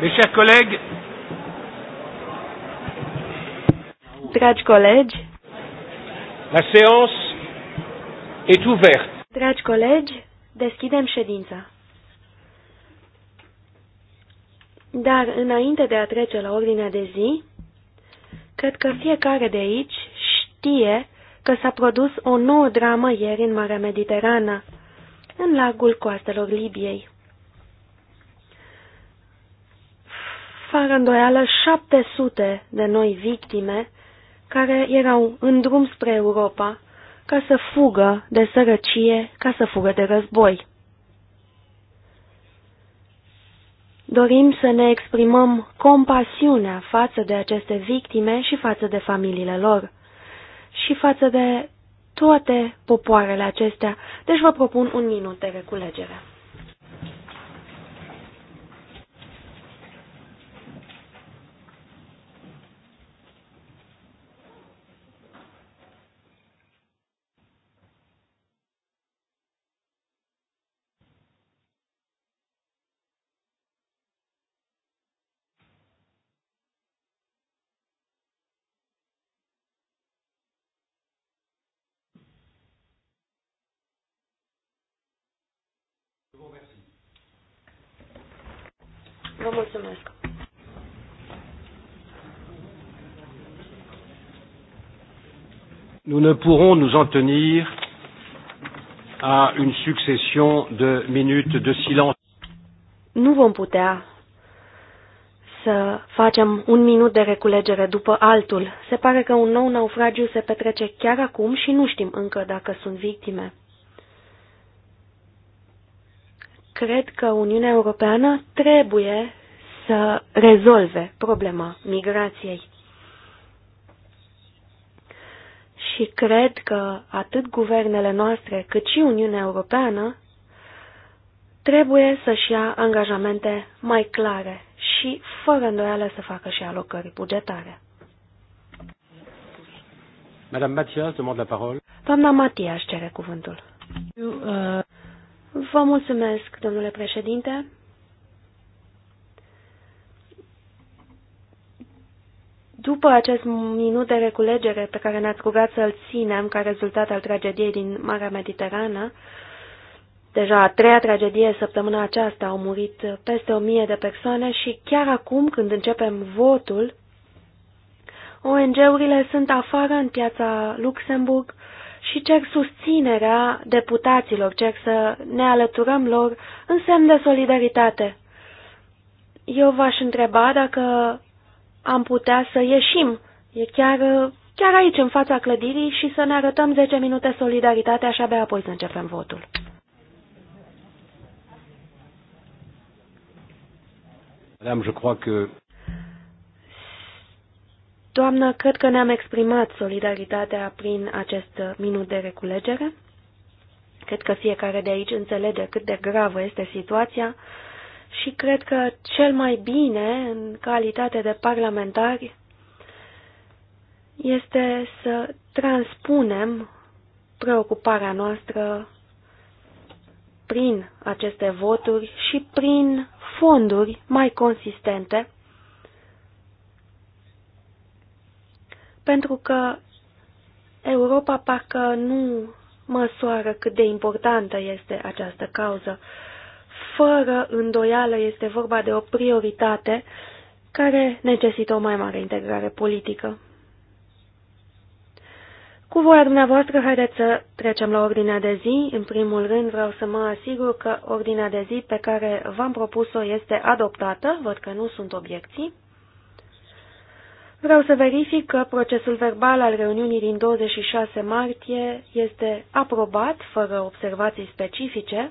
Mes chers collègues, Dragi colegi, la séance est ouverte. Dragi colegi, deschidem ședința. Dar înainte de a trece la ordinea de zi, cred că fiecare de aici știe că s-a produs o nouă dramă ieri în Marea Mediterană, în lagul coastelor Libiei. fără îndoială 700 de noi victime care erau în drum spre Europa ca să fugă de sărăcie, ca să fugă de război. Dorim să ne exprimăm compasiunea față de aceste victime și față de familiile lor și față de toate popoarele acestea. Deci vă propun un minut de reculegere. nous ne pourrons nous en tenir à une succession de minutes de silence. Nu vom putea să facem un minut de reculegere după altul. Se pare că un nou naufragiu se petrece chiar acum și nu știm încă dacă sunt victime. Cred că Uniunea Europeană trebuie să rezolve problema migrației. și cred că atât guvernele noastre cât și Uniunea Europeană trebuie să-și ia angajamente mai clare și, fără îndoială, să facă și alocări bugetare. Madame Mathias demande la parole. Doamna Matias cere cuvântul. Uh, Vă mulțumesc, domnule președinte. După acest minut de reculegere pe care ne-ați rugat să-l ținem ca rezultat al tragediei din Marea Mediterană, deja a treia tragedie săptămâna aceasta au murit peste o mie de persoane și chiar acum când începem votul, ONG-urile sunt afară în piața Luxemburg și cer susținerea deputaților, cer să ne alăturăm lor în semn de solidaritate. Eu v-aș întreba dacă am putea să ieșim. E chiar, chiar aici, în fața clădirii, și să ne arătăm 10 minute solidaritate, așa abia apoi să începem votul. Madame, je crois que... Doamnă, cred că ne-am exprimat solidaritatea prin acest minut de reculegere. Cred că fiecare de aici înțelege cât de gravă este situația și cred că cel mai bine, în calitate de parlamentari, este să transpunem preocuparea noastră prin aceste voturi și prin fonduri mai consistente, pentru că Europa parcă nu măsoară cât de importantă este această cauză. Fără îndoială este vorba de o prioritate care necesită o mai mare integrare politică. Cu voia dumneavoastră, haideți să trecem la ordinea de zi. În primul rând vreau să mă asigur că ordinea de zi pe care v-am propus-o este adoptată. Văd că nu sunt obiecții. Vreau să verific că procesul verbal al reuniunii din 26 martie este aprobat, fără observații specifice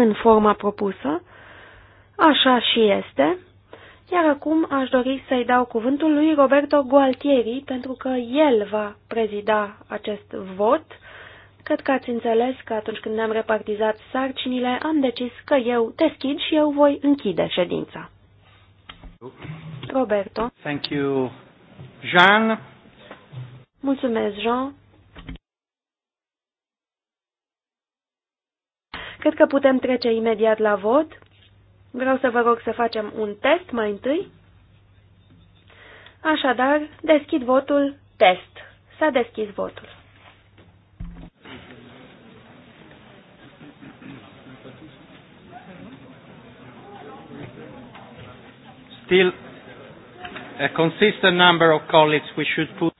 în forma propusă. Așa și este. Iar acum aș dori să-i dau cuvântul lui Roberto Gualtieri, pentru că el va prezida acest vot. Cred că ați înțeles că atunci când ne-am repartizat sarcinile, am decis că eu deschid și eu voi închide ședința. Roberto. Thank you, Jean. Mulțumesc, Jean. Cred că putem trece imediat la vot. Vreau să vă rog să facem un test mai întâi. Așadar, deschid votul test. S-a deschis votul. Still a consistent number of colleagues we should put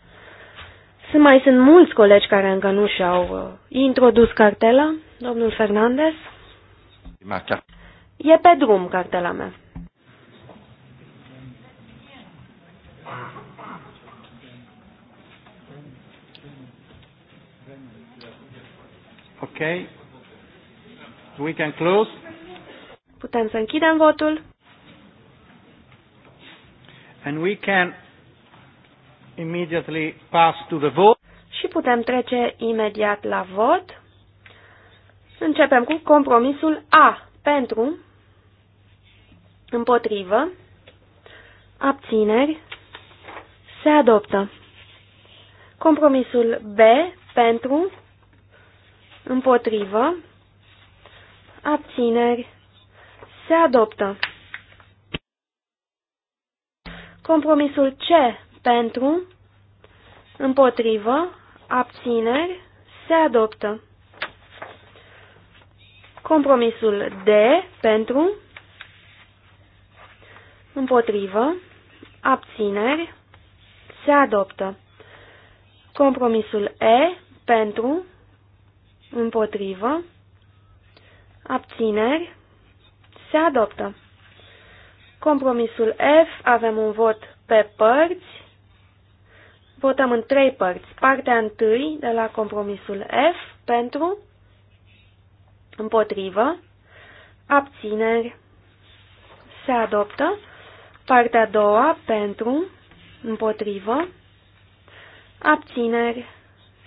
mai sunt mulți colegi care încă nu și-au uh, introdus cartela. Domnul Fernandez? E pe drum cartela mea. Ok. We can close. Putem să închidem votul. And we can immediately pass to the vote. Și putem trece imediat la vot. Începem cu compromisul A pentru, împotrivă, abțineri, se adoptă. Compromisul B pentru, împotrivă, abțineri, se adoptă. Compromisul C pentru, împotrivă, abțineri, se adoptă. Compromisul D pentru, împotrivă, abțineri, se adoptă. Compromisul E pentru, împotrivă, abțineri, se adoptă. Compromisul F avem un vot pe părți. Votăm în trei părți. Partea întâi de la compromisul F pentru, împotrivă, abțineri, se adoptă. Partea a doua pentru, împotrivă, abțineri,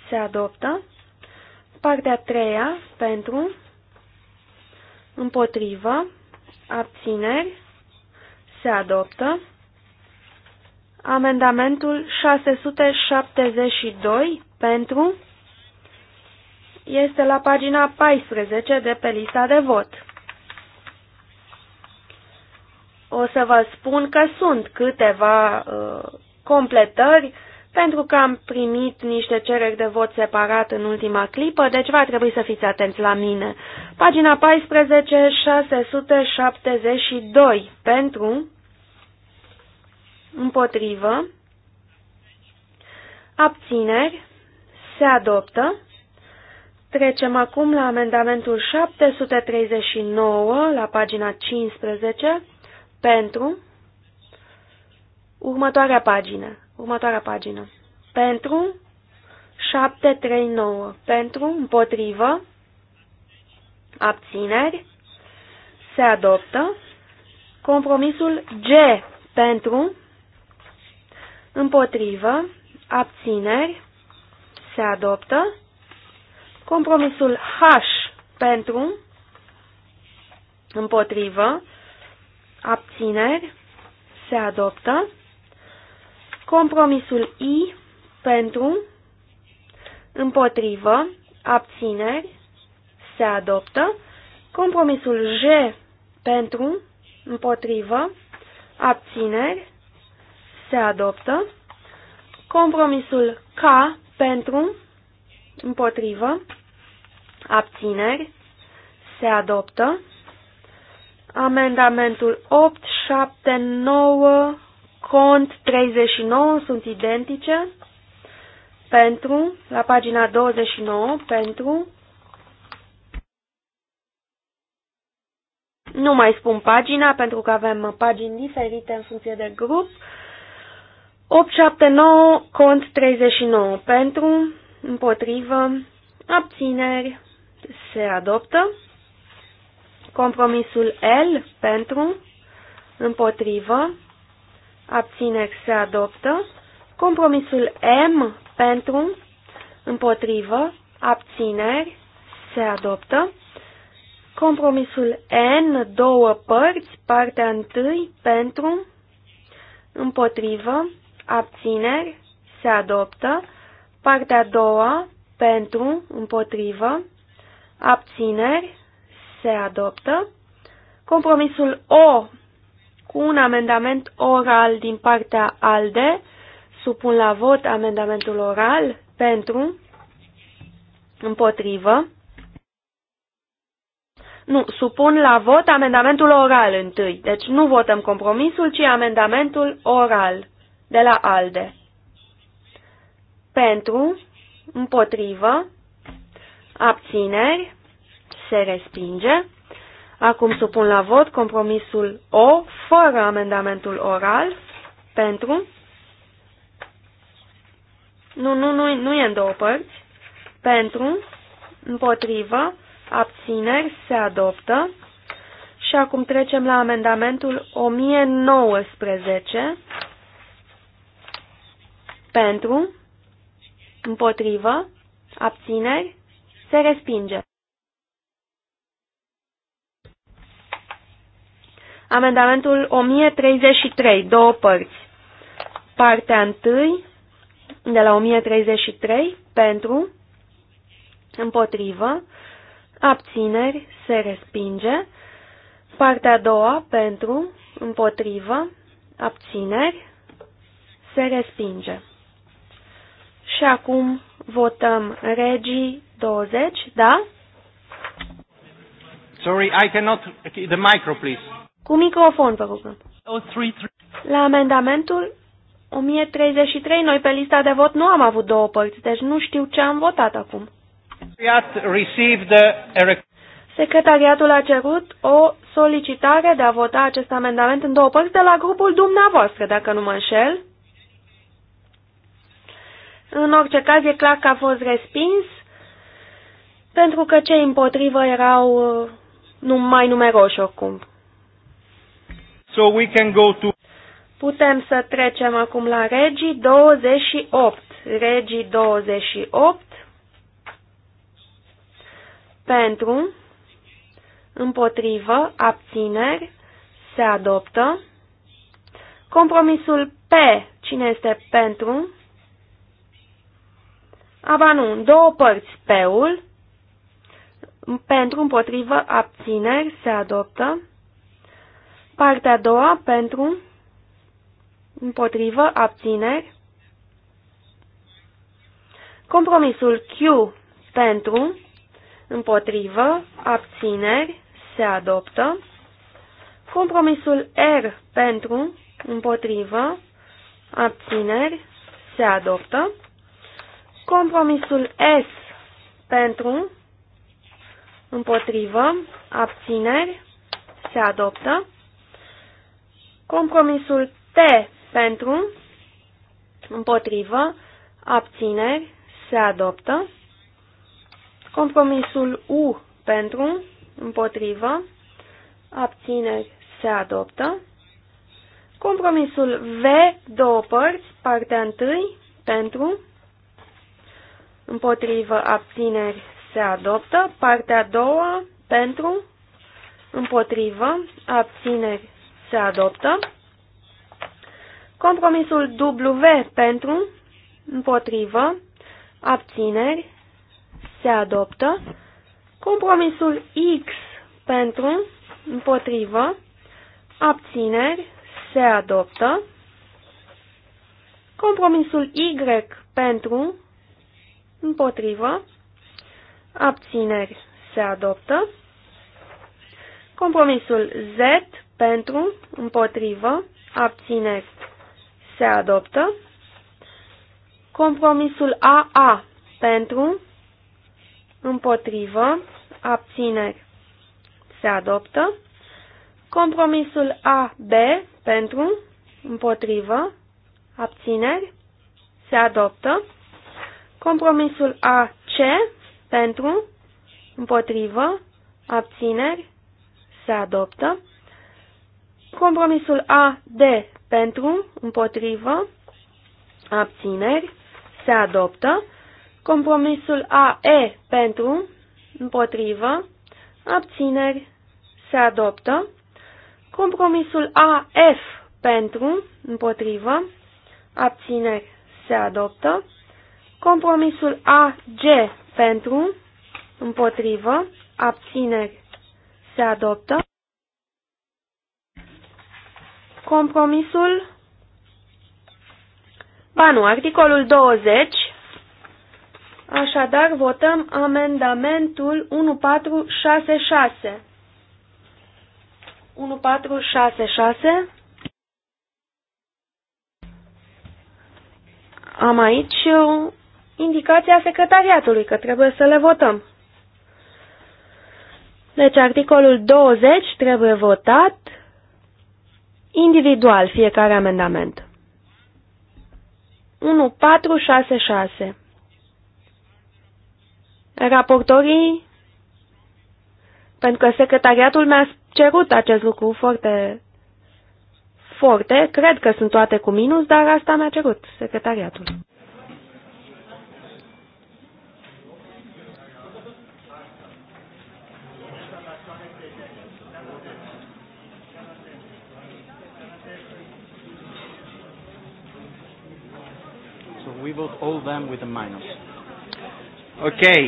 se adoptă. Partea a treia pentru, împotrivă, abțineri, se adoptă. Amendamentul 672 pentru este la pagina 14 de pe lista de vot. O să vă spun că sunt câteva uh, completări pentru că am primit niște cereri de vot separat în ultima clipă, deci va trebui să fiți atenți la mine. Pagina 14, 672 pentru împotrivă, abțineri, se adoptă. Trecem acum la amendamentul 739, la pagina 15, pentru următoarea pagină, următoarea pagină, pentru 739, pentru, împotrivă, abțineri, se adoptă, compromisul G pentru, împotrivă, abțineri, se adoptă. Compromisul H pentru, împotrivă, abțineri, se adoptă. Compromisul I pentru, împotrivă, abțineri, se adoptă. Compromisul J pentru, împotrivă, abțineri, se adoptă. Compromisul K pentru, împotrivă, abțineri, se adoptă. Amendamentul 8, 7, 9, cont 39 sunt identice. Pentru, la pagina 29, pentru. Nu mai spun pagina pentru că avem pagini diferite în funcție de grup. 879 cont 39 pentru, împotrivă, abțineri, se adoptă. Compromisul L pentru, împotrivă, abțineri se adoptă. Compromisul M pentru, împotrivă, abțineri se adoptă. Compromisul N, două părți, partea întâi, pentru, împotrivă, abțineri, se adoptă. Partea a doua, pentru, împotrivă, abțineri, se adoptă. Compromisul O, cu un amendament oral din partea ALDE, supun la vot amendamentul oral, pentru, împotrivă. Nu, supun la vot amendamentul oral întâi. Deci nu votăm compromisul, ci amendamentul oral de la ALDE. Pentru, împotrivă, abțineri, se respinge. Acum supun la vot compromisul O, fără amendamentul oral, pentru... Nu, nu, nu, nu e în două părți. Pentru, împotrivă, abțineri, se adoptă. Și acum trecem la amendamentul 1019 pentru, împotrivă, abțineri, se respinge. Amendamentul 1033, două părți. Partea 1 de la 1033, pentru, împotrivă, abțineri, se respinge. Partea a doua, pentru, împotrivă, abțineri, se respinge. Și acum votăm regii 20, da? Sorry, I cannot... The micro, please. Cu microfon, vă rugăm. La amendamentul 1033, noi pe lista de vot nu am avut două părți, deci nu știu ce am votat acum. Secretariatul a cerut o solicitare de a vota acest amendament în două părți de la grupul dumneavoastră, dacă nu mă înșel. În orice caz, e clar că a fost respins, pentru că cei împotrivă erau uh, mai numeroși oricum. So we can go to... Putem să trecem acum la regii 28. Regii 28 pentru, împotrivă, abțineri, se adoptă. Compromisul P, cine este pentru, Aba ah, nu, două părți, P-ul, pentru, împotrivă, abțineri, se adoptă. Partea a doua, pentru, împotrivă, abțineri. Compromisul Q, pentru, împotrivă, abțineri, se adoptă. Compromisul R, pentru, împotrivă, abțineri, se adoptă. Compromisul S pentru, împotrivă, abțineri, se adoptă. Compromisul T pentru, împotrivă, abțineri, se adoptă. Compromisul U pentru, împotrivă, abțineri, se adoptă. Compromisul V, două părți, partea întâi, pentru, împotrivă, abțineri, se adoptă. Partea a doua, pentru, împotrivă, abțineri, se adoptă. Compromisul W pentru, împotrivă, abțineri, se adoptă. Compromisul X pentru, împotrivă, abțineri, se adoptă. Compromisul Y pentru, împotrivă, abțineri se adoptă. Compromisul Z pentru, împotrivă, abțineri se adoptă. Compromisul AA pentru, împotrivă, abțineri se adoptă. Compromisul AB pentru, împotrivă, abțineri se adoptă. Compromisul a c pentru, împotrivă, abțineri, se adoptă. Compromisul a d pentru, împotrivă, abțineri, se adoptă. Compromisul a e pentru, împotrivă, abțineri, se adoptă. Compromisul a f pentru, împotrivă, abțineri, se adoptă. Compromisul AG pentru, împotrivă, abțineri se adoptă. Compromisul, ba nu, articolul 20, așadar votăm amendamentul 1466. 1466. Am aici indicația secretariatului că trebuie să le votăm. Deci articolul 20 trebuie votat individual fiecare amendament. 1466 Raportorii, pentru că secretariatul mi-a cerut acest lucru foarte, foarte, cred că sunt toate cu minus, dar asta mi-a cerut secretariatul. vote all them with a minus. Okay.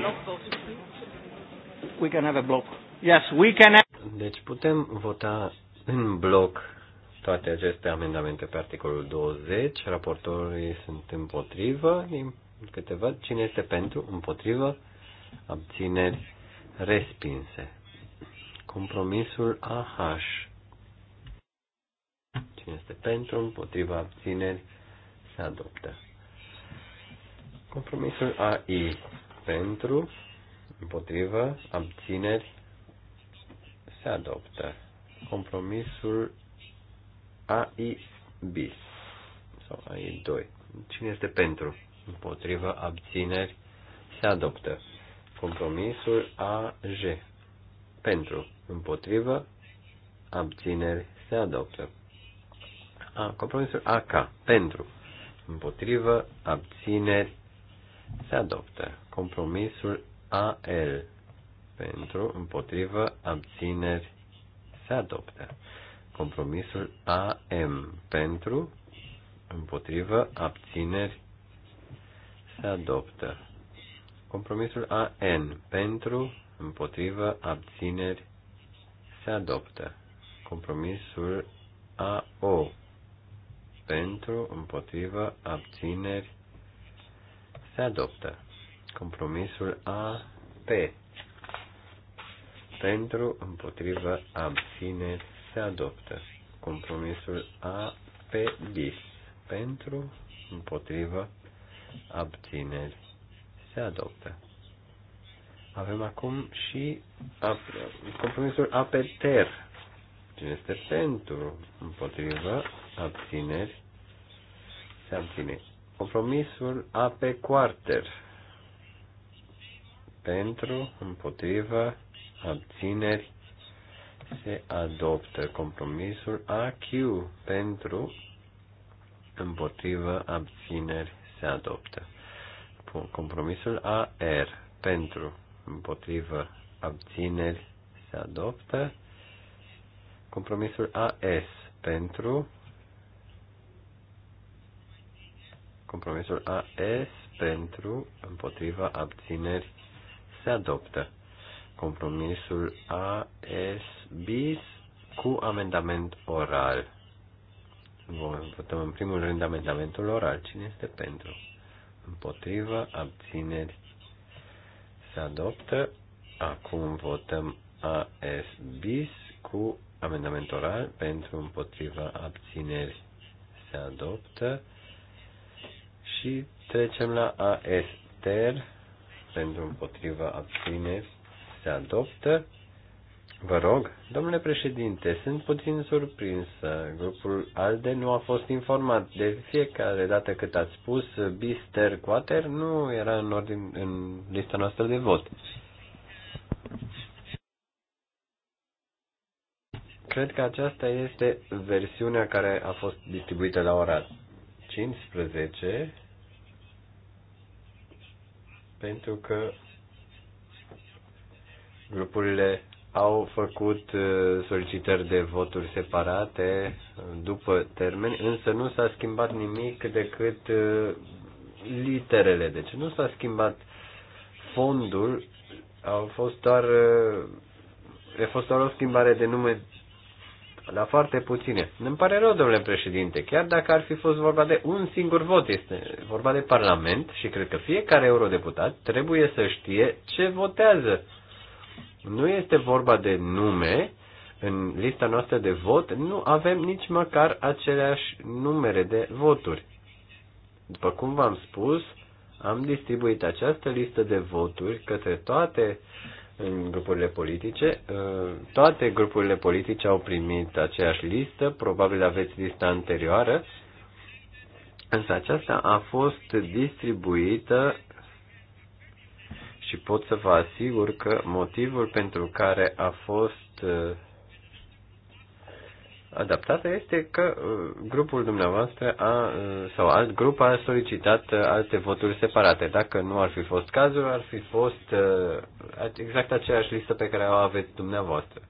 We can have a block. Yes, we can have... Deci putem vota în bloc toate aceste amendamente pe articolul 20. Raportorii sunt împotrivă. Din câte văd, cine este pentru, împotrivă, abțineri, respinse. Compromisul AH. Cine este pentru, Împotrivă. abțineri, se adoptă. Compromisul AI pentru, împotrivă, abțineri, se adoptă. Compromisul AI bis sau AI 2. Cine este pentru? Împotrivă, abțineri, se adoptă. Compromisul AJ pentru, împotrivă, abțineri, se adoptă. A, compromisul AK pentru, împotrivă, abțineri, se adoptă. Compromisul AL pentru, împotrivă, abțineri se adoptă. Compromisul AM pentru, împotrivă, abțineri se adoptă. Compromisul AN pentru, împotrivă, abțineri se adoptă. Compromisul AO pentru, împotrivă, abțineri se adoptă. Compromisul A, P. Pentru, împotrivă, abține se adoptă. Compromisul A, P, bis. Pentru, împotrivă, abțineri, se adoptă. Avem acum și compromisul ter Cine este pentru, împotrivă, abțineri, se abține. Compromisul A pe quarter. Pentru, împotriva abțineri, se adoptă compromisul AQ pentru împotriva abțineri se adoptă. Compromisul AR pentru împotriva abțineri se adoptă. Compromisul AS pentru Compromisul AS pentru, împotriva, abțineri se adoptă. Compromisul AS bis cu amendament oral. Vom votăm în primul rând amendamentul oral. Cine este pentru? Împotriva, abțineri se adoptă. Acum votăm AS bis cu amendament oral pentru împotriva abțineri se adoptă. Și trecem la A Ester. Pentru împotriva abține, se adoptă. Vă rog, domnule președinte, sunt puțin surprinsă. Grupul ALDE nu a fost informat. De fiecare dată cât ați spus Bister Quater, nu era în, ordin, în lista noastră de vot. Cred că aceasta este versiunea care a fost distribuită la ora 15 pentru că grupurile au făcut uh, solicitări de voturi separate uh, după termen, însă nu s-a schimbat nimic decât uh, literele. Deci nu s-a schimbat fondul, au fost doar a fost doar o schimbare de nume la foarte puține. Îmi pare rău, domnule președinte, chiar dacă ar fi fost vorba de un singur vot, este vorba de Parlament și cred că fiecare eurodeputat trebuie să știe ce votează. Nu este vorba de nume, în lista noastră de vot nu avem nici măcar aceleași numere de voturi. După cum v-am spus, am distribuit această listă de voturi către toate în grupurile politice. Uh, toate grupurile politice au primit aceeași listă, probabil aveți lista anterioară, însă aceasta a fost distribuită și pot să vă asigur că motivul pentru care a fost uh, adaptată este că uh, grupul dumneavoastră a, uh, sau alt grup a solicitat uh, alte voturi separate. Dacă nu ar fi fost cazul, ar fi fost exact aceeași listă pe care o aveți dumneavoastră.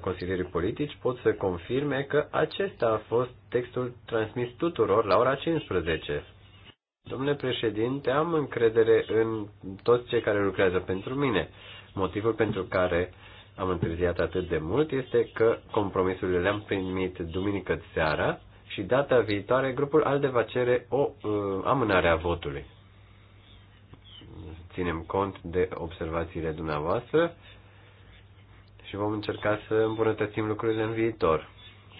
Consilierii politici pot să confirme că acesta a fost textul transmis tuturor la ora 15. Domnule președinte, am încredere în toți cei care lucrează pentru mine, motivul pentru care uh, am întârziat atât de mult este că compromisurile le-am primit duminică seara și data viitoare grupul ALDE va cere o uh, amânare a votului. Ținem cont de observațiile dumneavoastră și vom încerca să îmbunătățim lucrurile în viitor.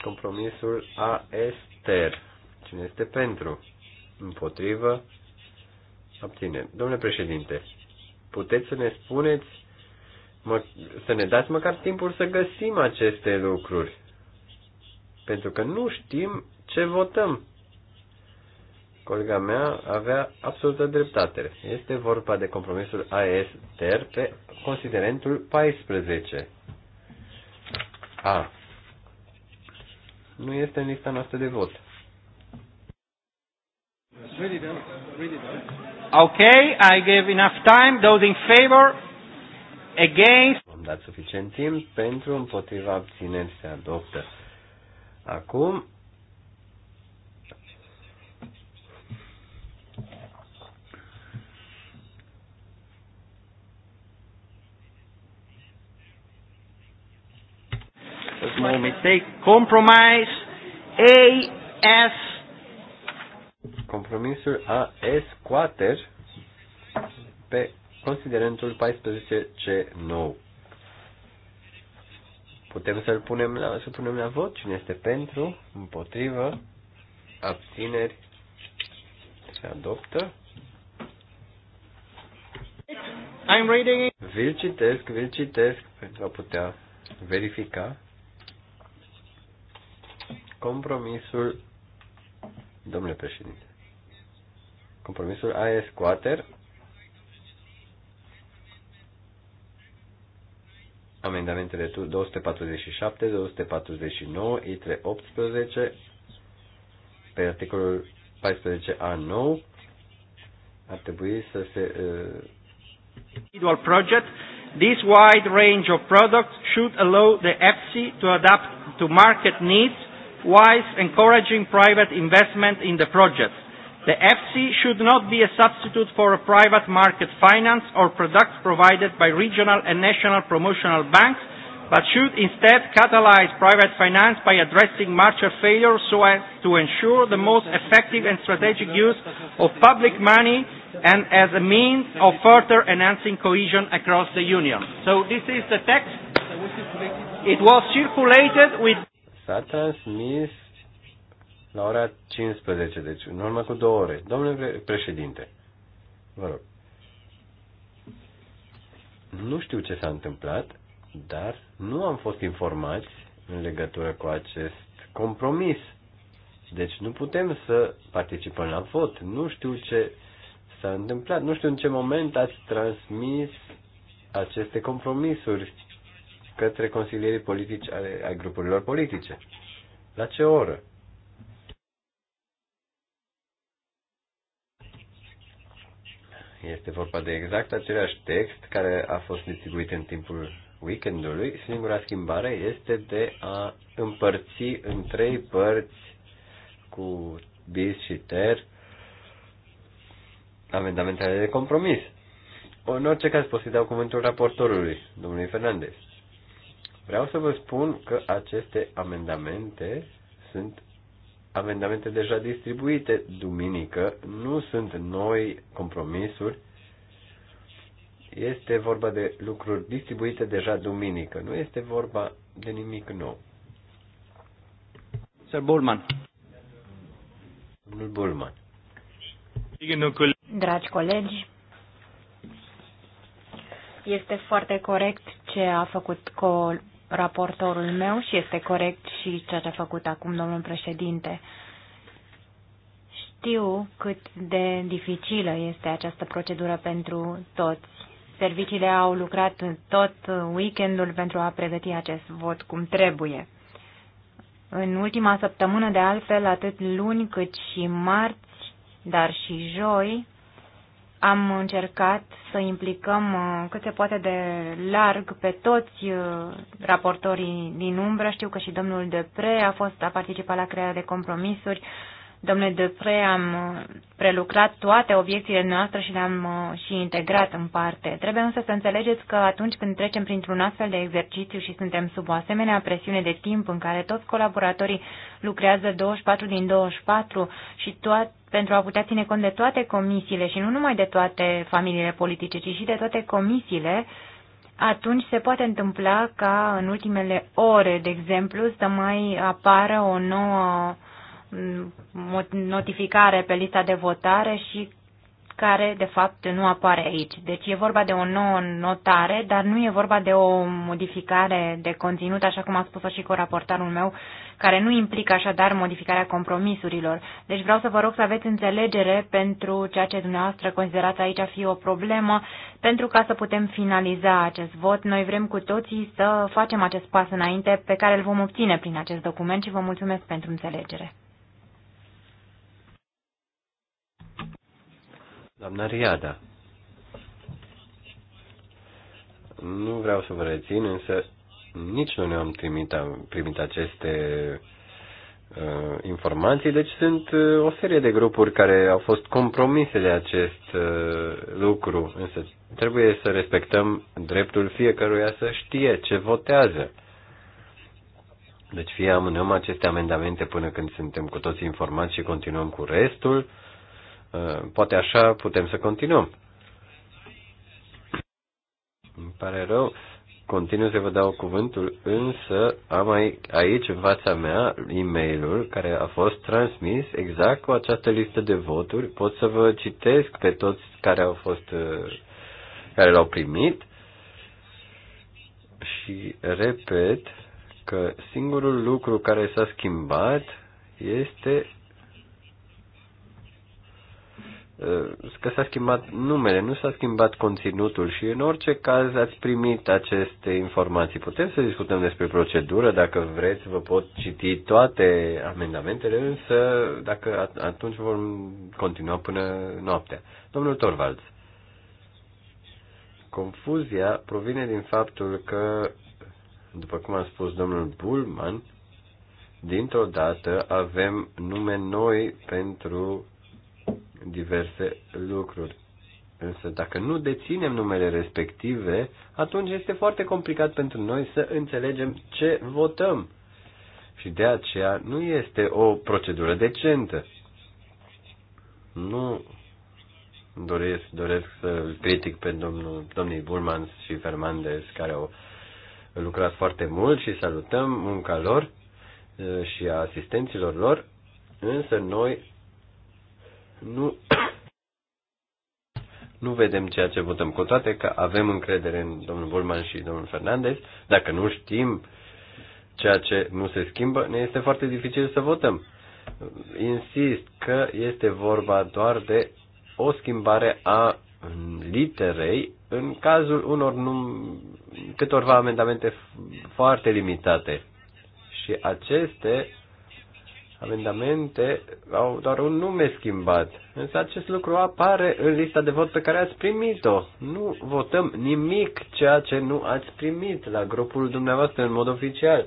Compromisul a ASTER. Cine este pentru? Împotrivă? Abține. Domnule președinte, puteți să ne spuneți mă, să ne dați măcar timpul să găsim aceste lucruri. Pentru că nu știm ce votăm. Colega mea avea absolută dreptate. Este vorba de compromisul AES-TER pe considerentul 14. A. Nu este în lista noastră de vot. Okay, I gave enough time. Those in favor, against. Am dat suficient timp pentru împotriva abținerii se adoptă. Acum no mistake. Compromise AS. Compromisul AS Quater pe considerentul 14C9. Putem să-l punem la, să punem la vot cine este pentru, împotrivă, abțineri, se adoptă. I'm reading Vi-l citesc, vi-l citesc pentru a putea verifica compromisul, domnule președinte, compromisul AS Quater amendamentele 247, 249, ITRE 18, pe articolul 14A9, ar trebui să se... Uh... project. This wide range of products should allow the EPSI to adapt to market needs whilst encouraging private investment in the projects. The FC should not be a substitute for a private market finance or products provided by regional and national promotional banks, but should instead catalyze private finance by addressing market failure so as to ensure the most effective and strategic use of public money and as a means of further enhancing cohesion across the Union. So this is the text. It was circulated with... S-a transmis la ora 15, deci în urmă cu două ore. Domnule președinte, vă rog, nu știu ce s-a întâmplat, dar nu am fost informați în legătură cu acest compromis. Deci nu putem să participăm la vot. Nu știu ce s-a întâmplat, nu știu în ce moment ați transmis aceste compromisuri către consilierii politici ai, grupurilor politice. La ce oră? Este vorba de exact același text care a fost distribuit în timpul weekendului. Singura schimbare este de a împărți în trei părți cu bis și ter amendamentele de compromis. În orice caz pot să dau cuvântul raportorului, domnului Fernandez. Vreau să vă spun că aceste amendamente sunt amendamente deja distribuite duminică, nu sunt noi compromisuri, este vorba de lucruri distribuite deja duminică, nu este vorba de nimic nou. Sir Bullman. Domnul Bullman. Dragi colegi, este foarte corect ce a făcut co raportorul meu și este corect și ceea ce a făcut acum domnul președinte. Știu cât de dificilă este această procedură pentru toți. Serviciile au lucrat tot weekendul pentru a pregăti acest vot cum trebuie. În ultima săptămână, de altfel, atât luni cât și marți, dar și joi, am încercat să implicăm uh, cât se poate de larg pe toți uh, raportorii din umbră. Știu că și domnul Depre a fost a participat la crearea de compromisuri. Domnule Depre, am uh, prelucrat toate obiecțiile noastre și le-am și integrat în parte. Trebuie însă să înțelegeți că atunci când trecem printr-un astfel de exercițiu și suntem sub o asemenea presiune de timp în care toți colaboratorii lucrează 24 din 24 și toate pentru a putea ține cont de toate comisiile și nu numai de toate familiile politice, ci și de toate comisiile, atunci se poate întâmpla ca în ultimele ore, de exemplu, să mai apară o nouă mm, notificare pe lista de votare și care de fapt nu apare aici. Deci e vorba de o nouă notare, dar nu e vorba de o modificare de conținut, așa cum a spus-o și cu raportarul meu, care nu implică așadar modificarea compromisurilor. Deci vreau să vă rog să aveți înțelegere pentru ceea ce dumneavoastră considerați aici a fi o problemă, pentru ca să putem finaliza acest vot. Noi vrem cu toții să facem acest pas înainte pe care îl vom obține prin acest document și vă mulțumesc pentru înțelegere. Doamna Riada. Nu vreau să vă rețin, însă nici nu ne-am primit, primit aceste uh, informații, deci sunt uh, o serie de grupuri care au fost compromise de acest uh, lucru, însă trebuie să respectăm dreptul fiecăruia să știe ce votează. Deci fie amânăm aceste amendamente până când suntem cu toți informați și continuăm cu restul, Eh, poate așa putem să continuăm. Îmi pare rău, continuu să vă dau cuvântul, însă am aici în fața mea e mail care a fost transmis exact cu această listă de voturi. Pot să vă citesc pe toți care au fost eh, care l-au primit și repet că singurul lucru care s-a schimbat este că s-a schimbat numele, nu s-a schimbat conținutul și în orice caz ați primit aceste informații. Putem să discutăm despre procedură, dacă vreți vă pot citi toate amendamentele, însă dacă atunci vom continua până noaptea. Domnul Torvalds, confuzia provine din faptul că, după cum a spus domnul Bullman, dintr-o dată avem nume noi pentru diverse lucruri. Însă dacă nu deținem numele respective, atunci este foarte complicat pentru noi să înțelegem ce votăm. Și de aceea nu este o procedură decentă. Nu doresc, doresc să critic pe domnul, domnii Burmans și Fernandez, care au lucrat foarte mult și salutăm munca lor uh, și a asistenților lor, însă noi nu, nu vedem ceea ce votăm. Cu toate că avem încredere în domnul Bulman și domnul Fernandez, dacă nu știm ceea ce nu se schimbă, ne este foarte dificil să votăm. Insist că este vorba doar de o schimbare a literei în cazul unor num, câtorva amendamente foarte limitate. Și aceste amendamente au doar un nume schimbat. Însă acest lucru apare în lista de vot pe care ați primit-o. Nu votăm nimic ceea ce nu ați primit la grupul dumneavoastră în mod oficial.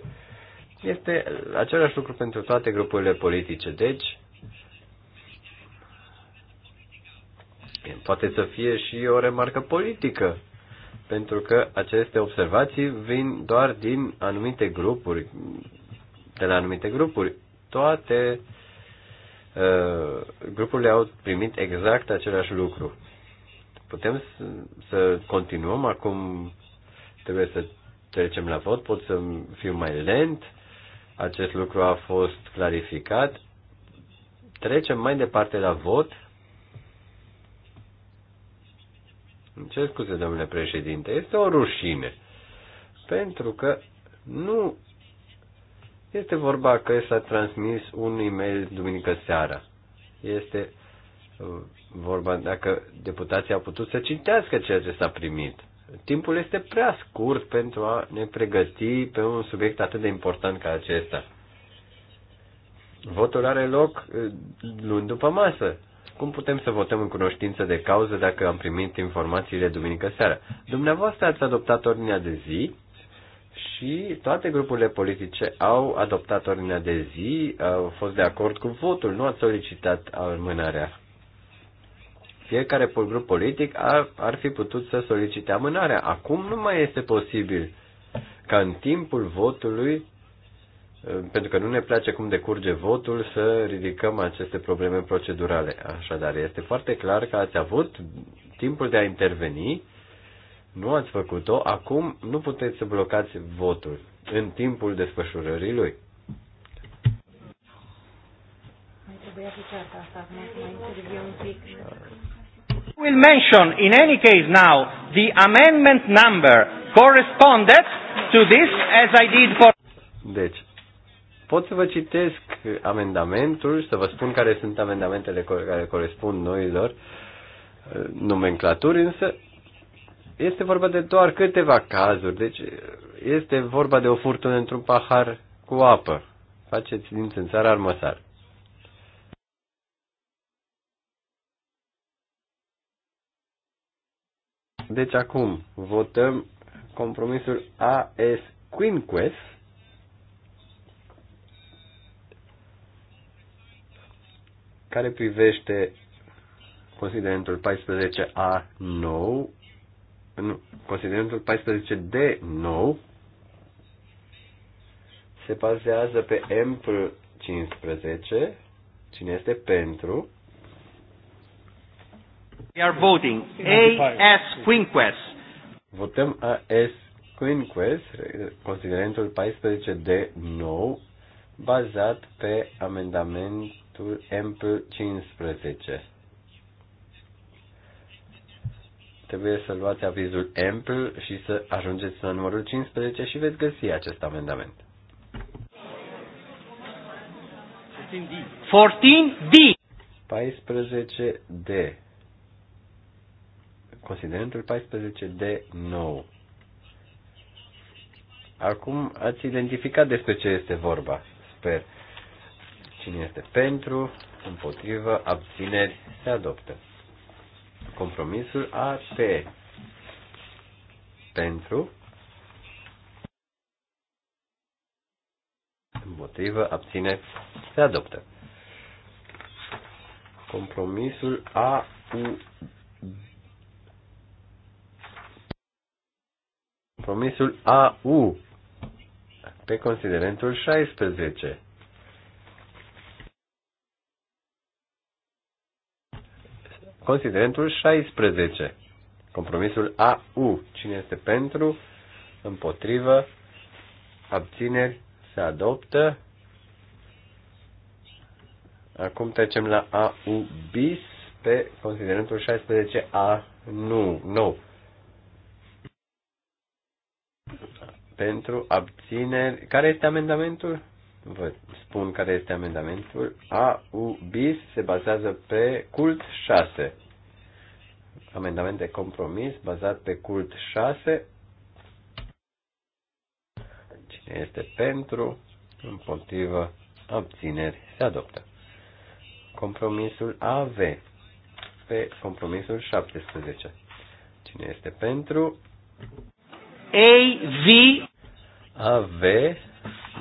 Este același lucru pentru toate grupurile politice. Deci, poate să fie și o remarcă politică, pentru că aceste observații vin doar din anumite grupuri, de la anumite grupuri toate uh, grupurile au primit exact același lucru. Putem să, să continuăm acum, trebuie să trecem la vot, pot să fiu mai lent, acest lucru a fost clarificat. Trecem mai departe la vot. Ce scuze, domnule președinte, este o rușine. Pentru că nu este vorba că s-a transmis un e-mail duminică seara. Este uh, vorba dacă deputații au putut să citească ceea ce s-a primit. Timpul este prea scurt pentru a ne pregăti pe un subiect atât de important ca acesta. Votul are loc uh, luni după masă. Cum putem să votăm în cunoștință de cauză dacă am primit informațiile duminică seara? Dumneavoastră ați adoptat ordinea de zi și toate grupurile politice au adoptat ordinea de zi, au fost de acord cu votul, nu a solicitat amânarea. Fiecare grup politic ar, ar fi putut să solicite amânarea. Acum nu mai este posibil ca în timpul votului, eh, pentru că nu ne place cum decurge votul, să ridicăm aceste probleme procedurale. Așadar, este foarte clar că ați avut timpul de a interveni nu ați făcut-o, acum nu puteți să blocați votul în timpul desfășurării lui. Will mention in any case now the amendment number corresponded to this as I did for Deci, pot să vă citesc amendamentul și să vă spun care sunt amendamentele care corespund noilor uh, nomenclaturi, însă este vorba de doar câteva cazuri, deci este vorba de o furtună într-un pahar cu apă. Faceți din țara armăsar. Deci acum votăm compromisul AS Quinques. care privește considerentul 14A9 în considerentul 14 de nou se bazează pe M 15, cine este pentru. We are voting AS Quinques. Votăm AS Quinques, considerentul 14 de nou, bazat pe amendamentul M 15. Trebuie să luați avizul ample și să ajungeți la numărul 15 și veți găsi acest amendament. 14D. 14D. Considerentul 14 d nou. Acum ați identificat despre ce este vorba, sper. Cine este pentru, împotrivă, abțineri, se adoptă. Compromisul a AT pentru împotrivă, abține, se adoptă. Compromisul a u Compromisul a u pe considerentul 16 Considerentul 16. Compromisul AU. Cine este pentru? Împotrivă? Abțineri? Se adoptă? Acum trecem la AU bis pe considerentul 16 A nu, nou. Pentru abțineri. Care este amendamentul? Vă spun care este amendamentul. A U bis se bazează pe cult 6. Amendament de compromis bazat pe cult 6. Cine este pentru, împotrivă, abțineri, se adoptă. Compromisul AV pe compromisul 17. Cine este pentru? AV. AV,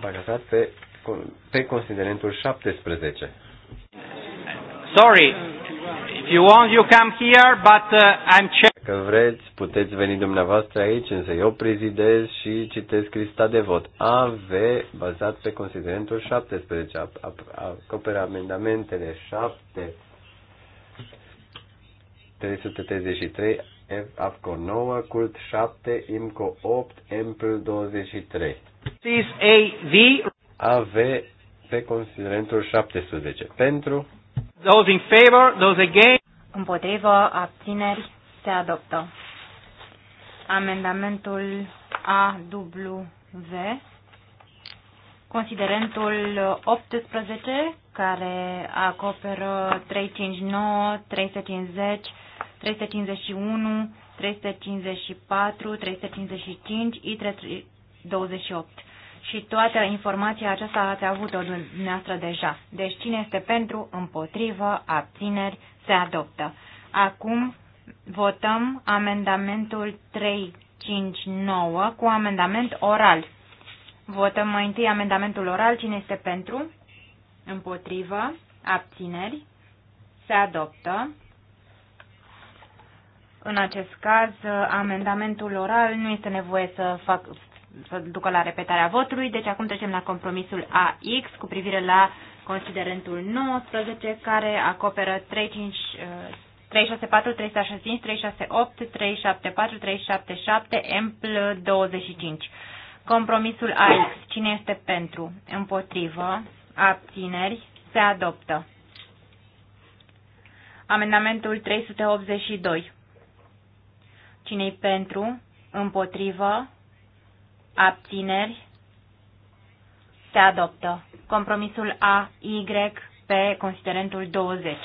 bazat pe pe considerentul 17. Sorry, if you want you come here, but uh, I'm Dacă vreți, puteți veni dumneavoastră aici, însă eu prezidez și citesc Crista de vot. AV, bazat pe considerentul 17, acoperă amendamentele 7, 333, AFCO 9, CULT 7, IMCO 8, EMPL 23. This is AV AV pe considerentul 17. Pentru. Those in favor, those against. Împotrivă, abțineri, se adoptă. Amendamentul AW. Considerentul 18, care acoperă 359, 350, 351, 354, 355, și 328 și toată informația aceasta ați avut-o dumneavoastră deja. Deci cine este pentru, împotrivă, abțineri, se adoptă. Acum votăm amendamentul 359 cu amendament oral. Votăm mai întâi amendamentul oral. Cine este pentru? Împotrivă, abțineri, se adoptă. În acest caz, amendamentul oral nu este nevoie să fac să ducă la repetarea votului. Deci acum trecem la compromisul AX cu privire la considerentul 19 care acoperă 35, 364, 365, 368, 374, 377, EMPL 25. Compromisul AX. Cine este pentru? Împotrivă? Abțineri? Se adoptă. Amendamentul 382. Cine-i pentru? Împotrivă? abțineri, se adoptă. Compromisul A, Y pe considerentul 20,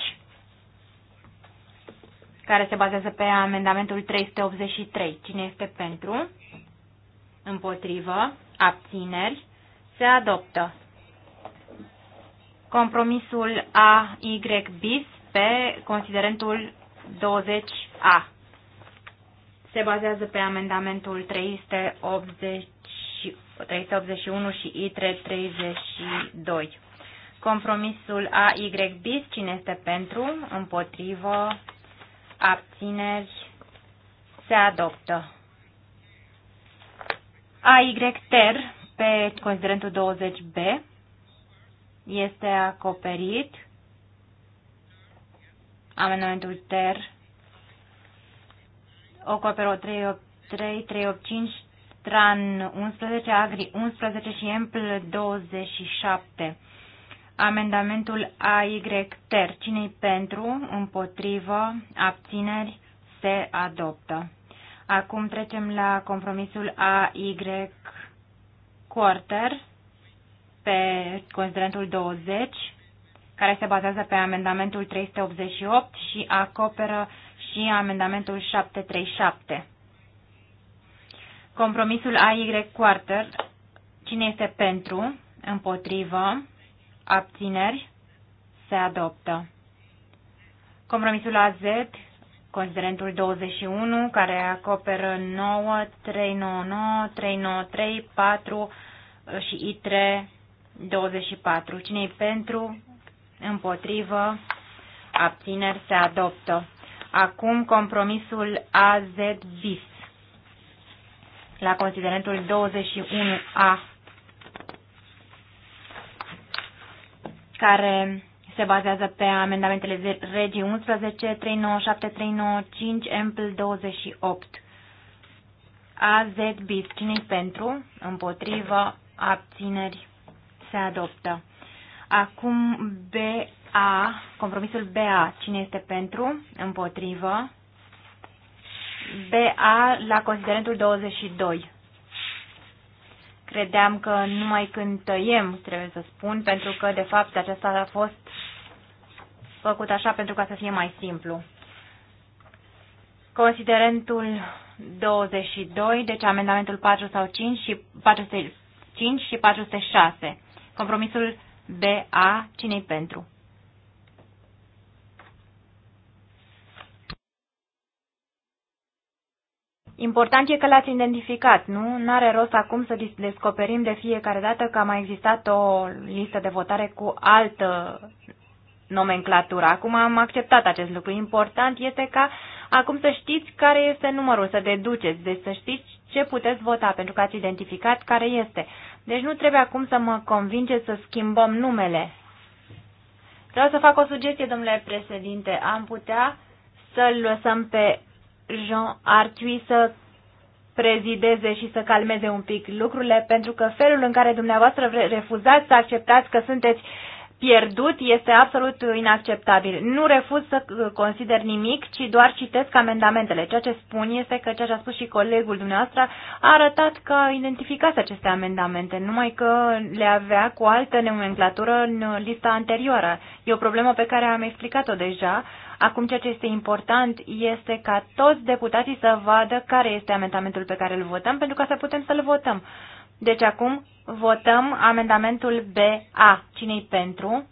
care se bazează pe amendamentul 383. Cine este pentru? Împotrivă, abțineri, se adoptă. Compromisul A, Y bis pe considerentul 20A. Se bazează pe amendamentul 380 381 și i 32. Compromisul AY cine este pentru, împotrivă, abțineri, se adoptă. AY pe considerentul 20B este acoperit. Amendamentul ter o 3, 5, TRAN 11, AGRI 11 și EMPL 27. Amendamentul AY TER. cine pentru? Împotrivă? Abțineri? Se adoptă. Acum trecem la compromisul AY quarter pe considerentul 20, care se bazează pe amendamentul 388 și acoperă și amendamentul 737. Compromisul AY quarter, cine este pentru, împotrivă, abțineri, se adoptă. Compromisul AZ, considerentul 21, care acoperă 9, 399, 393, 4 și I3 24. cine pentru, împotrivă, abțineri, se adoptă. Acum compromisul AZ bis la considerentul 21A, care se bazează pe amendamentele regii 11, 397, 395, ampl 28. AZ bis, cine pentru? Împotrivă, abțineri, se adoptă. Acum BA, compromisul BA, cine este pentru? Împotrivă, BA la considerentul 22. Credeam că numai când tăiem, trebuie să spun, pentru că, de fapt, aceasta a fost făcut așa pentru ca să fie mai simplu. Considerentul 22, deci amendamentul 4 sau 5 și 405 și 406. Compromisul BA, cine pentru? Important e că l-ați identificat, nu? N-are rost acum să descoperim de fiecare dată că a mai existat o listă de votare cu altă nomenclatură. Acum am acceptat acest lucru. Important este ca acum să știți care este numărul, să deduceți, deci să știți ce puteți vota, pentru că ați identificat care este. Deci nu trebuie acum să mă convingeți să schimbăm numele. Vreau să fac o sugestie, domnule președinte. Am putea să-l lăsăm pe Jean trebui să prezideze și să calmeze un pic lucrurile, pentru că felul în care dumneavoastră refuzați să acceptați că sunteți pierdut este absolut inacceptabil. Nu refuz să consider nimic, ci doar citesc amendamentele. Ceea ce spun este că ceea ce a spus și colegul dumneavoastră a arătat că identificat aceste amendamente, numai că le avea cu altă nomenclatură în lista anterioară. E o problemă pe care am explicat-o deja. Acum, ceea ce este important este ca toți deputații să vadă care este amendamentul pe care îl votăm, pentru ca să putem să-l votăm. Deci acum votăm amendamentul BA. Cine-i pentru?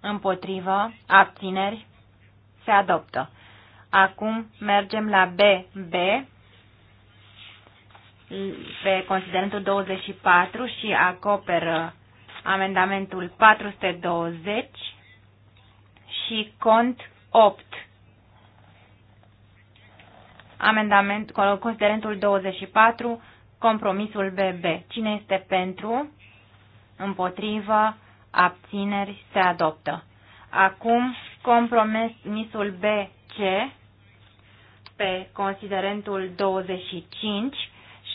Împotrivă? Abțineri? Se adoptă. Acum mergem la BB, pe considerentul 24 și acoperă amendamentul 420 și cont 8. Amendament, considerentul 24, compromisul BB. Cine este pentru? Împotrivă? Abțineri? Se adoptă. Acum, compromisul BC pe considerentul 25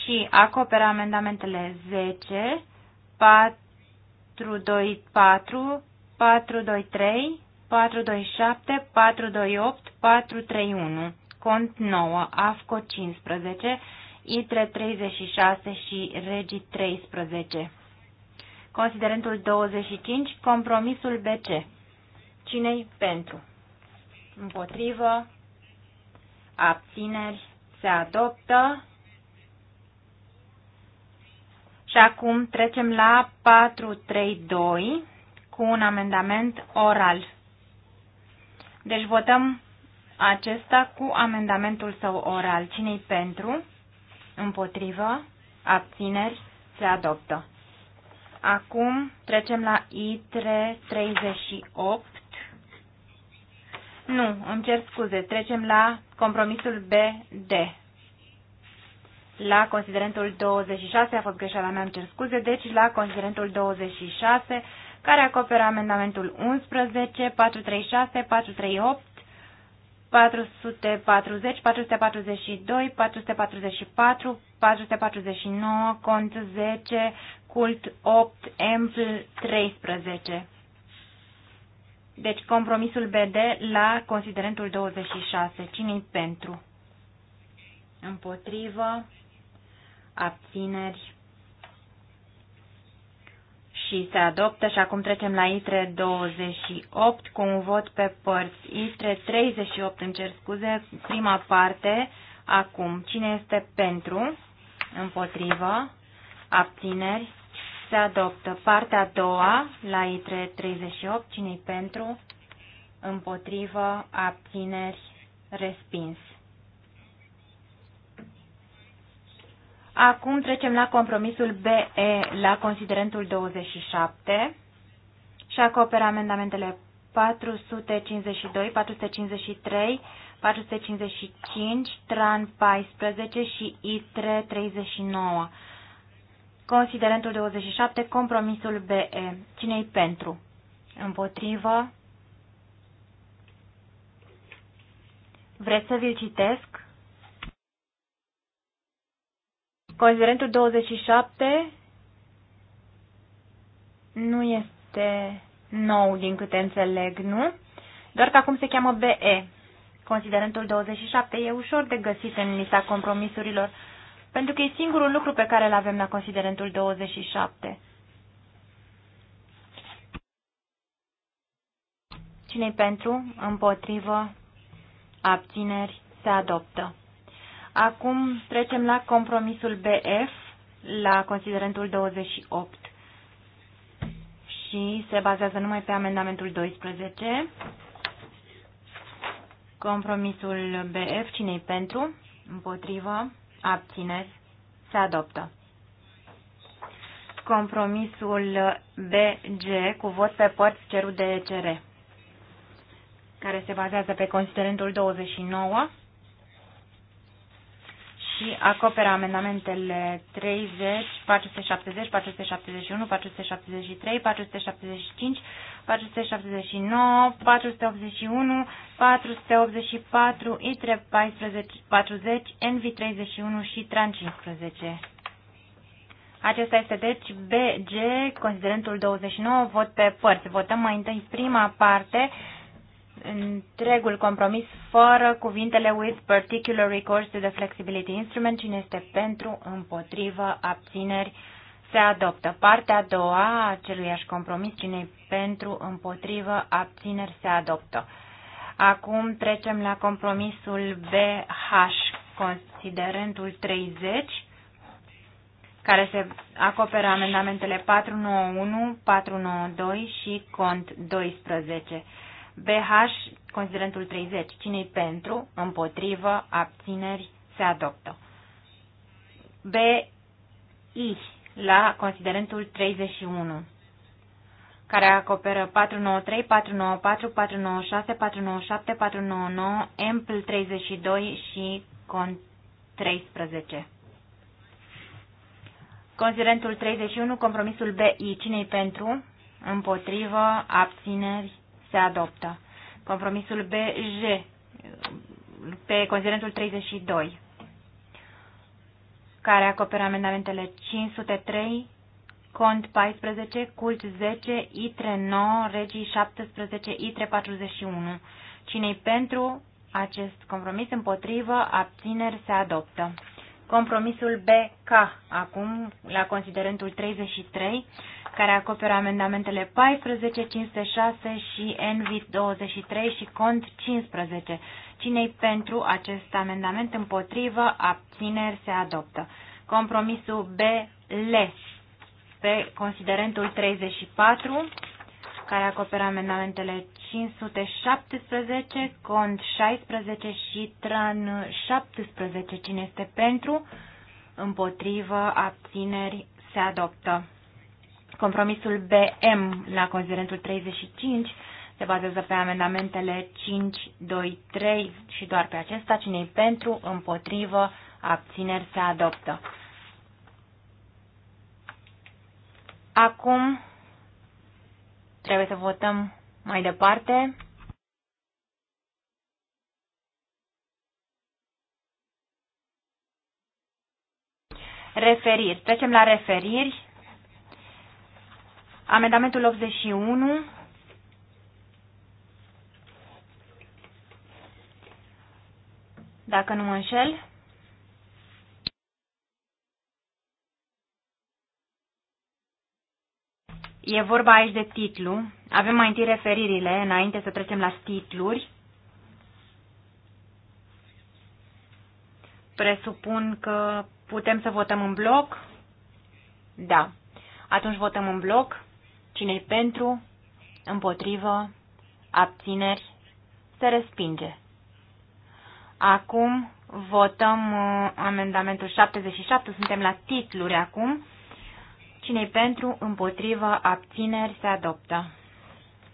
și acoperă amendamentele 10, 424, 423, 427, 428, 431, cont 9, AFCO 15, ITRE 36 și REGI 13. Considerentul 25, compromisul BC. Cinei pentru? Împotrivă? Abțineri? Se adoptă? Și acum trecem la 432 cu un amendament oral. Deci votăm acesta cu amendamentul său oral. Cine-i pentru? Împotrivă? Abțineri? Se adoptă. Acum trecem la ITRE 38. Nu, îmi cer scuze, trecem la compromisul BD. La considerentul 26, a fost greșeala mea, îmi cer scuze, deci la considerentul 26 care acoperă amendamentul 11, 436, 438, 440, 442, 444, 449, cont 10, cult 8, ampl 13. Deci compromisul BD la considerentul 26. cine pentru? Împotrivă. Abțineri și se adoptă și acum trecem la ITRE 28 cu un vot pe părți. ITRE 38, îmi cer scuze, prima parte, acum. Cine este pentru? Împotrivă? Abțineri? Se adoptă. Partea a doua, la ITRE 38, cine-i pentru? Împotrivă? Abțineri? Respins. Acum trecem la compromisul BE la considerentul 27 și acoperă amendamentele 452, 453, 455, TRAN 14 și i 39. Considerentul 27, compromisul BE. cine e pentru? Împotrivă? Vreți să vi-l citesc? Considerentul 27 nu este nou, din câte înțeleg, nu? Doar că acum se cheamă BE. Considerentul 27 e ușor de găsit în lista compromisurilor, pentru că e singurul lucru pe care îl avem la considerentul 27. cine pentru, împotrivă, abțineri, se adoptă. Acum trecem la compromisul BF, la considerentul 28 și se bazează numai pe amendamentul 12. Compromisul BF, cine pentru? Împotrivă? Abțineri? Se adoptă. Compromisul BG cu vot pe părți cerut de ECR, care se bazează pe considerentul 29 și acoperă amendamentele 30, 470, 471, 473, 475, 479, 481, 484, ITRE 40, ENVI 31 și TRAN 15. Acesta este deci BG, considerentul 29, vot pe părți. Votăm mai întâi prima parte întregul compromis fără cuvintele with particular recourse to the flexibility instrument. Cine este pentru, împotrivă, abțineri, se adoptă. Partea a doua a aceluiași compromis, cine pentru, împotrivă, abțineri, se adoptă. Acum trecem la compromisul BH, considerentul 30, care se acoperă amendamentele 491, 492 și cont 12. BH, considerentul 30. Cine-i pentru, împotrivă, abțineri, se adoptă. BI, la considerentul 31 care acoperă 493, 494, 496, 497, 499, Ampl 32 și Cont 13. Considerentul 31, compromisul BI, cine pentru? Împotrivă, abțineri, se adoptă. Compromisul BJ pe considerentul 32, care acoperă amendamentele 503, cont 14, cult 10, ITRE 9, regii 17, ITRE 41. Cine-i pentru acest compromis împotrivă, abțineri se adoptă. Compromisul BK acum, la considerentul 33, care acoperă amendamentele 14, 506 și NV 23 și cont 15. Cinei pentru acest amendament împotrivă, abțineri se adoptă. Compromisul BL pe considerentul 34 care acoperă amendamentele 517, cont 16 și tran 17. Cine este pentru? Împotrivă, abțineri, se adoptă. Compromisul BM la considerentul 35 se bazează pe amendamentele 5, 2, 3 și doar pe acesta. Cine pentru, împotrivă, abțineri, se adoptă. Acum Trebuie să votăm mai departe. Referiri. Trecem la referiri. Amendamentul 81. Dacă nu mă înșel. E vorba aici de titlu. Avem mai întâi referirile, înainte să trecem la titluri. Presupun că putem să votăm în bloc. Da. Atunci votăm în bloc. Cine-i pentru? Împotrivă? Abțineri? Se respinge. Acum votăm uh, amendamentul 77. Suntem la titluri acum. Cine-i pentru, împotrivă, abțineri, se adoptă.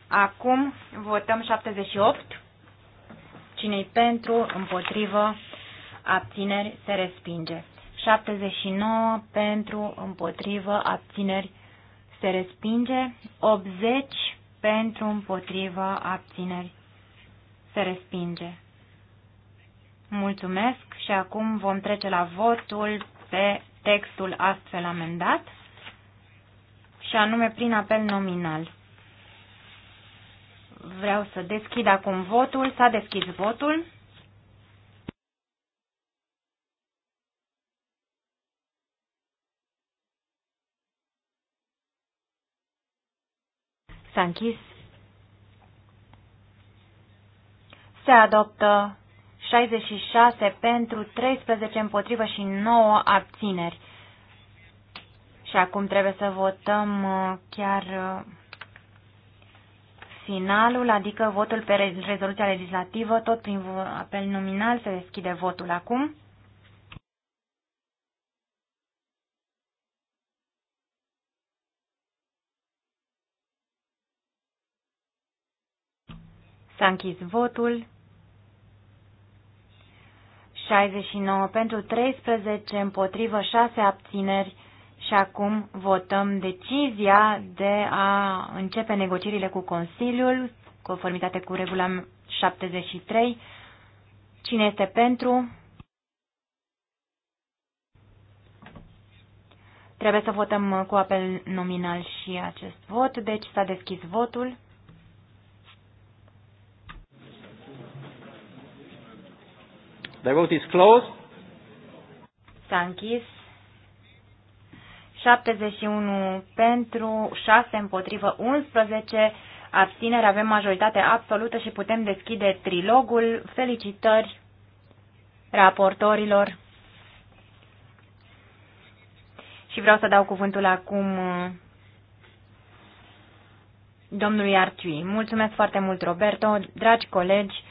Acum votăm 78. Cine-i pentru, împotrivă, abțineri, se respinge. 79 pentru, împotrivă, abțineri, se respinge. 80 pentru, împotrivă, abțineri, se respinge. Mulțumesc și acum vom trece la votul pe textul astfel amendat și anume prin apel nominal. Vreau să deschid acum votul. S-a deschis votul. S-a închis. Se adoptă 66 pentru, 13 împotrivă și 9 abțineri. Și acum trebuie să votăm uh, chiar uh, finalul, adică votul pe rezoluția legislativă, tot prin apel nominal se deschide votul acum. S-a închis votul. 69 pentru 13, împotrivă 6 abțineri și acum votăm decizia de a începe negocierile cu Consiliul, conformitate cu regula 73. Cine este pentru? Trebuie să votăm cu apel nominal și acest vot, deci s-a deschis votul. The vote is closed. S-a închis. 71 pentru, 6 împotrivă, 11 abțineri, avem majoritate absolută și putem deschide trilogul. Felicitări raportorilor. Și vreau să dau cuvântul acum uh, domnului Arciui. Mulțumesc foarte mult, Roberto. Dragi colegi,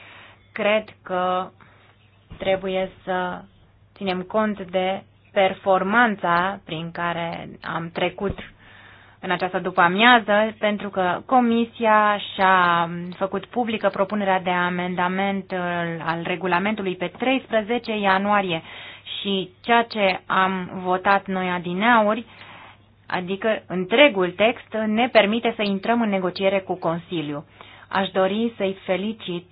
cred că trebuie să ținem cont de performanța prin care am trecut în această după-amiază, pentru că Comisia și-a făcut publică propunerea de amendament uh, al regulamentului pe 13 ianuarie și ceea ce am votat noi adineauri, adică întregul text, ne permite să intrăm în negociere cu Consiliu. Aș dori să-i felicit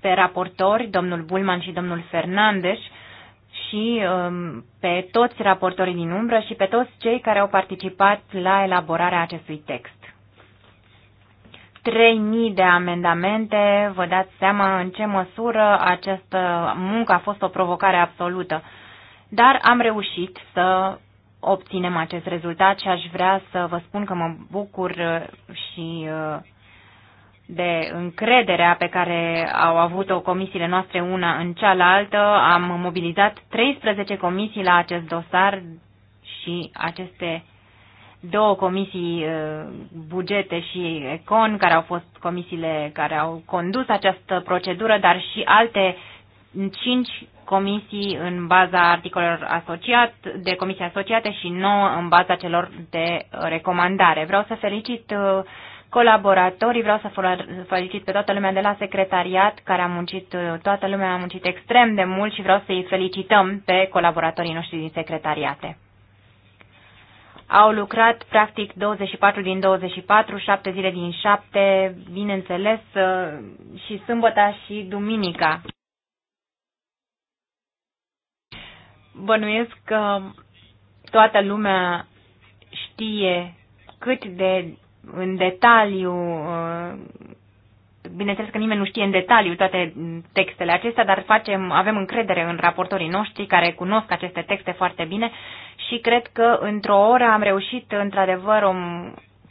pe raportori, domnul Bulman și domnul Fernandes, și um, pe toți raportorii din umbră și pe toți cei care au participat la elaborarea acestui text. 3.000 de amendamente, vă dați seama în ce măsură această muncă a fost o provocare absolută. Dar am reușit să obținem acest rezultat și aș vrea să vă spun că mă bucur uh, și uh, de încrederea pe care au avut-o comisiile noastre una în cealaltă. Am mobilizat 13 comisii la acest dosar și aceste două comisii uh, bugete și econ, care au fost comisiile care au condus această procedură, dar și alte cinci comisii în baza articolelor asociat, de comisii asociate și nouă în baza celor de recomandare. Vreau să felicit uh, colaboratorii. Vreau să felicit pe toată lumea de la secretariat, care a muncit, toată lumea a muncit extrem de mult și vreau să-i felicităm pe colaboratorii noștri din secretariate. Au lucrat practic 24 din 24, 7 zile din 7, bineînțeles, ă, și sâmbăta și duminica. Bănuiesc că toată lumea știe cât de în detaliu uh, bineînțeles că nimeni nu știe în detaliu toate textele acestea, dar facem, avem încredere în raportorii noștri care cunosc aceste texte foarte bine și cred că într-o oră am reușit într-adevăr o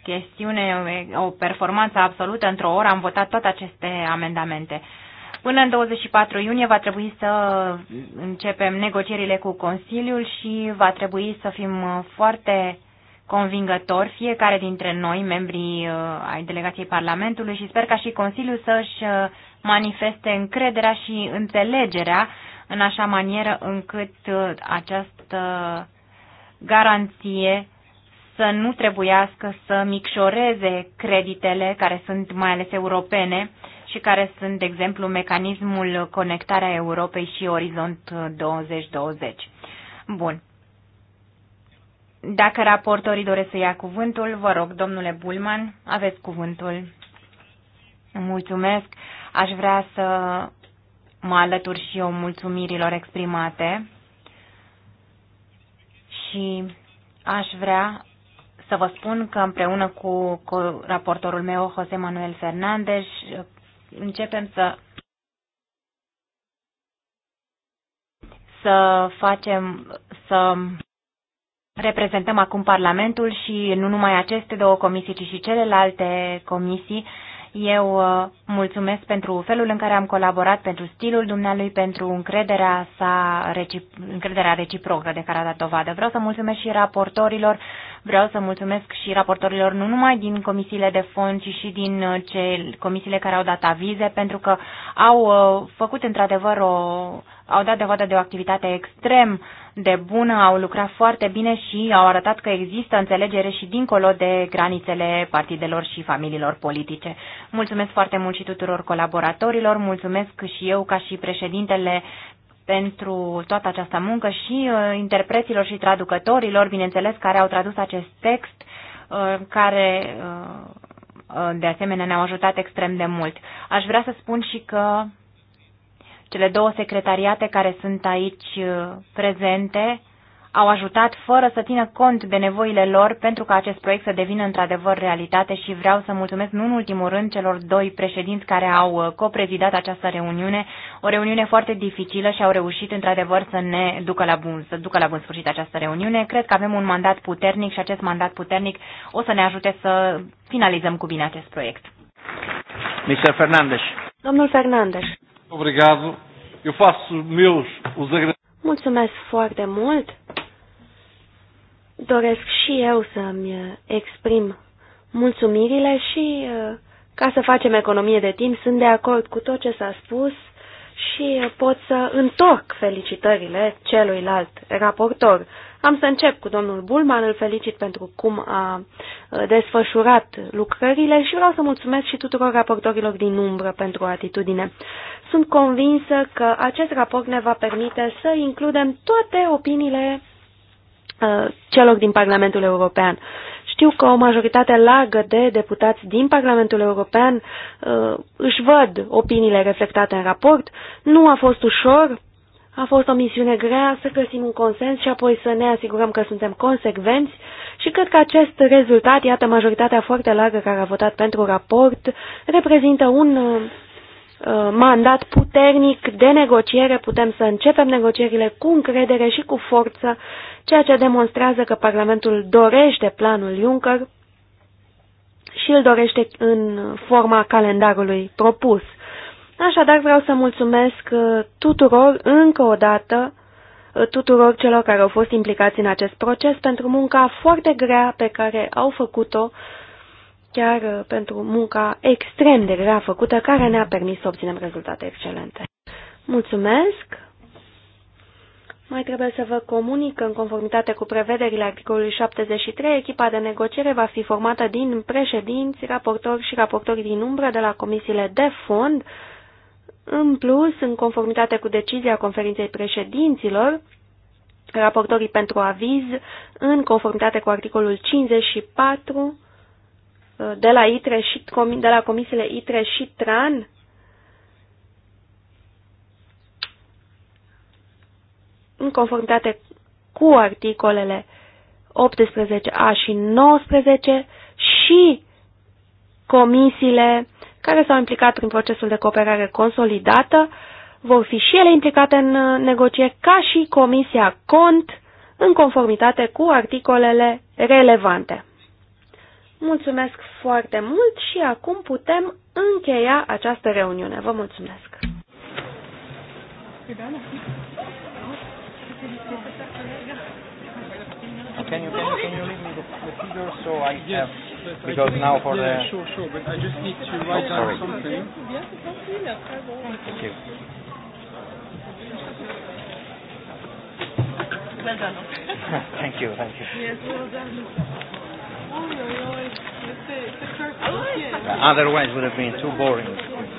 chestiune, o performanță absolută, într-o oră am votat toate aceste amendamente. Până în 24 iunie va trebui să începem negocierile cu Consiliul și va trebui să fim foarte Convingător fiecare dintre noi, membrii uh, ai delegației Parlamentului și sper ca și Consiliul să-și uh, manifeste încrederea și înțelegerea în așa manieră încât uh, această garanție să nu trebuiască să micșoreze creditele care sunt mai ales europene și care sunt, de exemplu, mecanismul Conectarea Europei și Orizont 2020. Bun. Dacă raportorii doresc să ia cuvântul, vă rog, domnule Bulman, aveți cuvântul. Mulțumesc. Aș vrea să mă alătur și eu mulțumirilor exprimate și aș vrea să vă spun că împreună cu, cu raportorul meu, José Manuel Fernández, începem să să facem să reprezentăm acum Parlamentul și nu numai aceste două comisii, ci și celelalte comisii. Eu uh, mulțumesc pentru felul în care am colaborat, pentru stilul dumnealui, pentru încrederea sa, încrederea reciprocă de care a dat dovadă. Vreau să mulțumesc și raportorilor, vreau să mulțumesc și raportorilor nu numai din comisiile de fond, ci și din uh, ce, comisiile care au dat avize, pentru că au uh, făcut într-adevăr o, au dat dovadă de o activitate extrem de bună, au lucrat foarte bine și au arătat că există înțelegere și dincolo de granițele partidelor și familiilor politice. Mulțumesc foarte mult și tuturor colaboratorilor, mulțumesc și eu ca și președintele pentru toată această muncă și uh, interpreților și traducătorilor, bineînțeles, care au tradus acest text, uh, care uh, uh de asemenea ne-au ajutat extrem de mult. Aș vrea să spun și că cele două secretariate care sunt aici uh, prezente au ajutat fără să țină cont de nevoile lor pentru ca acest proiect să devină într-adevăr realitate și vreau să mulțumesc nu în ultimul rând celor doi președinți care au uh, coprezidat această reuniune, o reuniune foarte dificilă și au reușit într-adevăr să ne ducă la bun, să ducă la bun sfârșit această reuniune. Cred că avem un mandat puternic și acest mandat puternic o să ne ajute să finalizăm cu bine acest proiect. Mr. Fernandez. Domnul Fernandes. Obrigado. Eu faço meus os Mulțumesc foarte mult. Doresc și eu să-mi uh, exprim mulțumirile și uh, ca să facem economie de timp, sunt de acord cu tot ce s-a spus și uh, pot să întorc felicitările celuilalt raportor. Am să încep cu domnul Bulman, îl felicit pentru cum a uh, desfășurat lucrările și vreau să mulțumesc și tuturor raportorilor din umbră pentru atitudine. Sunt convinsă că acest raport ne va permite să includem toate opiniile uh, celor din Parlamentul European. Știu că o majoritate largă de deputați din Parlamentul European uh, își văd opiniile reflectate în raport. Nu a fost ușor, a fost o misiune grea să găsim un consens și apoi să ne asigurăm că suntem consecvenți și cred că acest rezultat, iată majoritatea foarte largă care a votat pentru raport, reprezintă un uh, uh, mandat puternic de negociere. Putem să începem negocierile cu încredere și cu forță, ceea ce demonstrează că Parlamentul dorește planul Juncker și îl dorește în forma calendarului propus. Așadar vreau să mulțumesc uh, tuturor încă o dată, uh, tuturor celor care au fost implicați în acest proces pentru munca foarte grea pe care au făcut-o, chiar uh, pentru munca extrem de grea făcută care ne-a permis să obținem rezultate excelente. Mulțumesc! Mai trebuie să vă comunic că, în conformitate cu prevederile articolului 73, echipa de negociere va fi formată din președinți, raportori și raportori din umbră de la comisiile de fond, în plus, în conformitate cu decizia conferinței președinților, raportorii pentru aviz, în conformitate cu articolul 54 uh, de la, ITRE și, de la comisiile ITRE și TRAN, în conformitate cu articolele 18A și 19 și comisiile care s-au implicat prin procesul de cooperare consolidată, vor fi și ele implicate în uh, negocieri ca și Comisia Cont, în conformitate cu articolele relevante. Mulțumesc foarte mult și acum putem încheia această reuniune. Vă mulțumesc! Can you, can you, can you leave me the, the figure so I have... Because now for yeah, the... sure, sure, but I just need to oh, write oh, down something. Thank you. Well done. thank you, thank you. Yes, well done. Oh, no, no, it's, it's, it's a, it's a Otherwise, it would have been too boring.